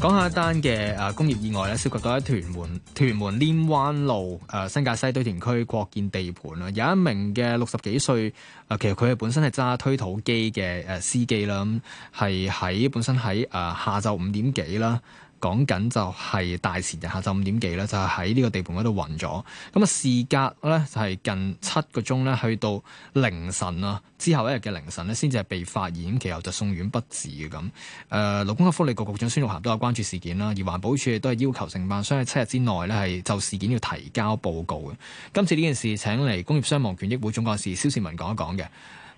講下一單嘅誒工業意外咧，涉及到喺屯門屯門稔灣路誒、啊、新界西堆填區國建地盤啦，有一名嘅六十幾歲誒、啊，其實佢係本身係揸推土機嘅誒司機啦，咁係喺本身喺誒、啊、下晝五點幾啦。講緊就係大前日下晝五點幾咧，就係喺呢個地盤嗰度暈咗。咁啊，事隔咧就係近七個鐘咧，去到凌晨啊之後一日嘅凌晨咧，先至係被發現，其後就送院不治嘅咁。誒、呃，勞工及福利局局，局長孫玉涵都有關注事件啦，而環保署亦都係要求承辦商喺七日之內咧係就事件要提交報告嘅。今次呢件事請嚟工業傷亡權益會總幹事蕭倩文講一講嘅。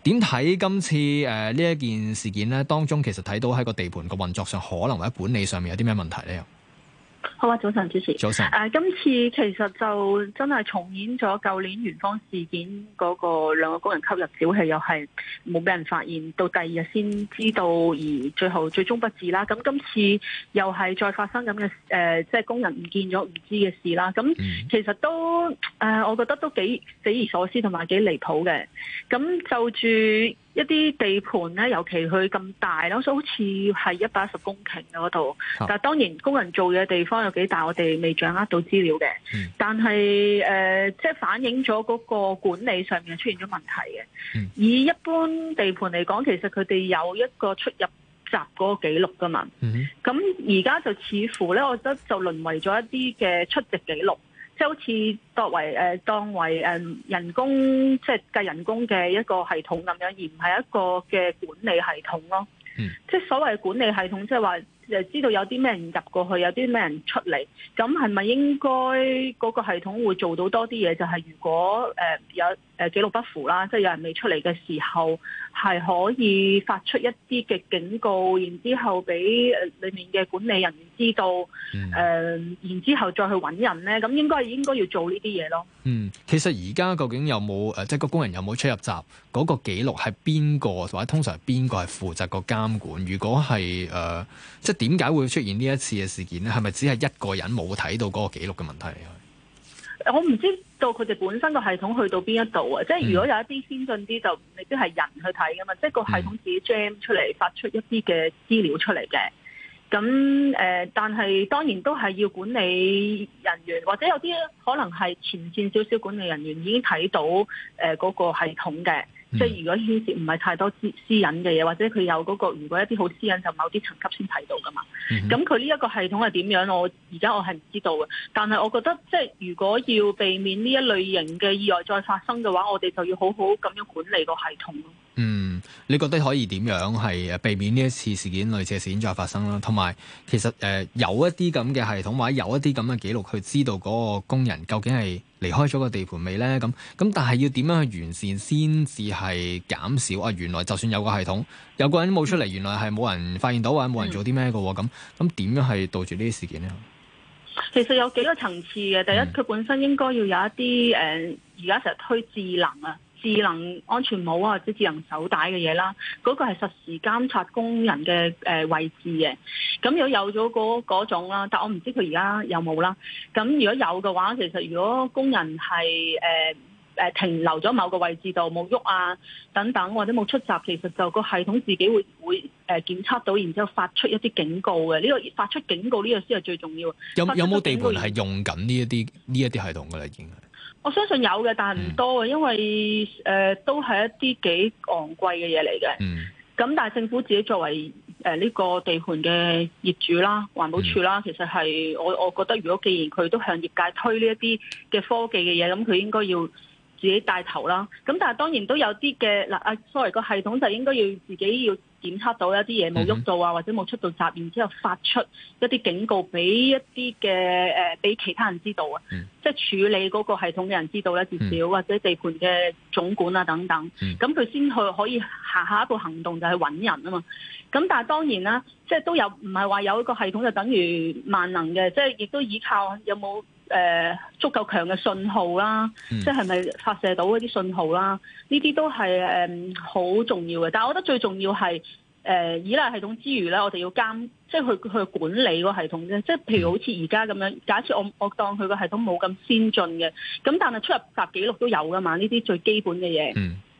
點睇今次誒呢、呃、一件事件呢，當中其實睇到喺個地盤個運作上，可能或者管理上面有啲咩問題呢？好啊，早晨，主持。早晨。Uh, 今次其實就真係重演咗舊年元芳事件嗰個兩個工人吸入沼氣又係冇俾人發現，到第二日先知道，而最後最終不治啦。咁今次又係再發生咁嘅、呃、即係工人唔見咗唔知嘅事啦。咁其實都、嗯呃、我覺得都幾匪夷所思同埋幾離譜嘅。咁就住。一啲地盤咧，尤其佢咁大所以好似係一百一十公頃嗰度。啊、但係當然工人做嘢地方有幾大，我哋未掌握到資料嘅。嗯、但係、呃、即係反映咗嗰個管理上面出現咗問題嘅。嗯、以一般地盤嚟講，其實佢哋有一個出入閘嗰個記錄㗎嘛。咁而家就似乎咧，我覺得就淪為咗一啲嘅出席記錄。即係好似作為誒當為誒人工，即係計人工嘅一個系統咁樣，而唔係一個嘅管理系統咯。即係所謂管理系統，嗯、即係話，就是就知道有啲咩人入過去，有啲咩人出嚟，咁係咪應該嗰個系統會做到多啲嘢？就係如果誒有誒記錄不符啦，即係有人未出嚟嘅時候，係可以發出一啲嘅警告，然之後俾誒裏面嘅管理人員知道，誒然之後再去揾人咧，咁應該應該要做呢啲嘢咯。嗯，其實而家究竟有冇誒即係個工人有冇出入閘嗰個記錄係邊個，或者通常係邊個係負責個監管？如果係誒，即點解會出現呢一次嘅事件咧？係咪只係一個人冇睇到嗰個記錄嘅問題？我唔知道佢哋本身個系統去到邊一度啊？即係、嗯、如果有一啲先進啲，就未必係人去睇噶嘛。即、就、係、係、個系統自己 jam 出嚟，嗯、發出一啲嘅資料出嚟嘅。咁誒、呃，但係當然都係要管理人員，或者有啲可能係前線少少管理人員已經睇到誒嗰、呃嗰個系統嘅。 即係如果牽涉唔係太多私私隱嘅嘢，或者佢有嗰個，如果一啲好私隱，就某啲層級先睇到噶嘛。咁佢呢一個系統係點樣？我而家我係唔知道嘅。但係我覺得，即係如果要避免呢一類型嘅意外再發生嘅話，我哋就要好好咁樣管理個系統咯。嗯，你覺得可以點樣係避免呢一次事件類似嘅事件再發生啦？同埋其實誒、呃、有一啲咁嘅系統或者有一啲咁嘅記錄，佢知道嗰個工人究竟係離開咗個地盤未呢？咁咁，但係要點樣去完善先至係減少啊？原來就算有個系統，有個人冇出嚟，原來係冇人發現到或者冇人做啲咩嘅喎？咁咁點樣係杜絕呢啲事件呢？其實有幾個層次嘅，第一佢、嗯、本身應該要有一啲誒，而家成日推智能啊。智能安全帽啊，或者智能手帶嘅嘢啦，嗰個係實時監察工人嘅誒位置嘅。咁如果有咗嗰種啦，但我唔知佢而家有冇啦。咁如果有嘅話，其實如果工人係誒誒停留咗某個位置度冇喐啊等等或者冇出閘，其實就個系統自己會會誒檢測到，然之後發出一啲警告嘅。呢個發出警告呢個先係最重要的有。有有冇地盤係用緊呢一啲呢一啲系統噶啦？已經係。我相信有嘅，但唔多，啊，因為誒、呃、都係一啲幾昂貴嘅嘢嚟嘅。咁但係政府自己作為誒呢、呃這個地盤嘅業主啦、環保署啦，其實係我我覺得，如果既然佢都向業界推呢一啲嘅科技嘅嘢，咁佢應該要。自己帶頭啦，咁但係當然都有啲嘅嗱，啊，sorry，個系統就應該要自己要檢測到一啲嘢冇喐到啊，或者冇出到閘，然之後發出一啲警告俾一啲嘅誒，俾、呃、其他人知道啊，嗯、即係處理嗰個系統嘅人知道咧，至少、嗯、或者地盤嘅總管啊等等，咁佢先去可以下下一步行動就去揾人啊嘛。咁但係當然啦，即係都有唔係話有一個系統就等於萬能嘅，即係亦都依靠有冇。誒、呃、足夠強嘅信號啦，即係咪發射到嗰啲信號啦？呢啲都係誒好重要嘅。但係我覺得最重要係誒依賴系統之餘咧，我哋要監即係去，去管理個系統啫。即係譬如好似而家咁樣，假設我我當佢個系統冇咁先進嘅，咁但係出入閘記錄都有噶嘛？呢啲最基本嘅嘢。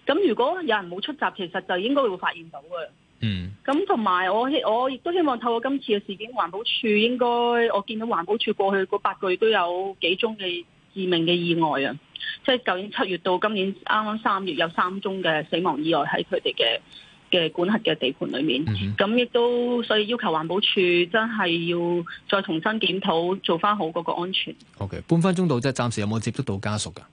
咁如果有人冇出閘，其實就應該會發現到嘅。嗯，咁同埋我希我亦都希望透過今次嘅事件，環保署應該我見到環保署過去嗰八個月都有幾宗嘅致命嘅意外啊，即係舊年七月到今年啱啱三月有三宗嘅死亡意外喺佢哋嘅嘅管轄嘅地盤裏面，咁亦、嗯嗯、都所以要求環保署真係要再重新檢討，做翻好嗰個安全。OK，半分鐘到即係暫時有冇接觸到家屬噶？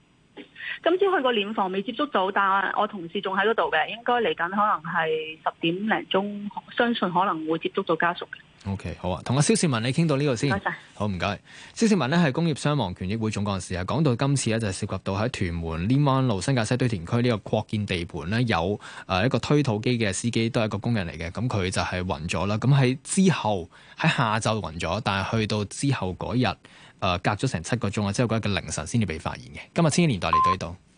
今朝去過殮房未接觸到，但我同事仲喺嗰度嘅，應該嚟緊可能係十點零鐘，相信可能會接觸到家屬嘅。OK，好啊，同阿蕭倩文你傾到呢度先。Thank you. 好唔該。蕭倩文呢係工業傷亡權益會總幹事啊。講到今次呢，就涉及到喺屯門稔灣路新界西堆填區呢個擴建地盤呢，有誒一個推土機嘅司機都係一個工人嚟嘅，咁佢就係暈咗啦。咁喺之後喺下晝暈咗，但係去到之後嗰日。誒、uh, 隔咗成七個鐘啊，之後嗰日嘅凌晨先至被發現嘅。今日《千禧年代來到》嚟到呢度。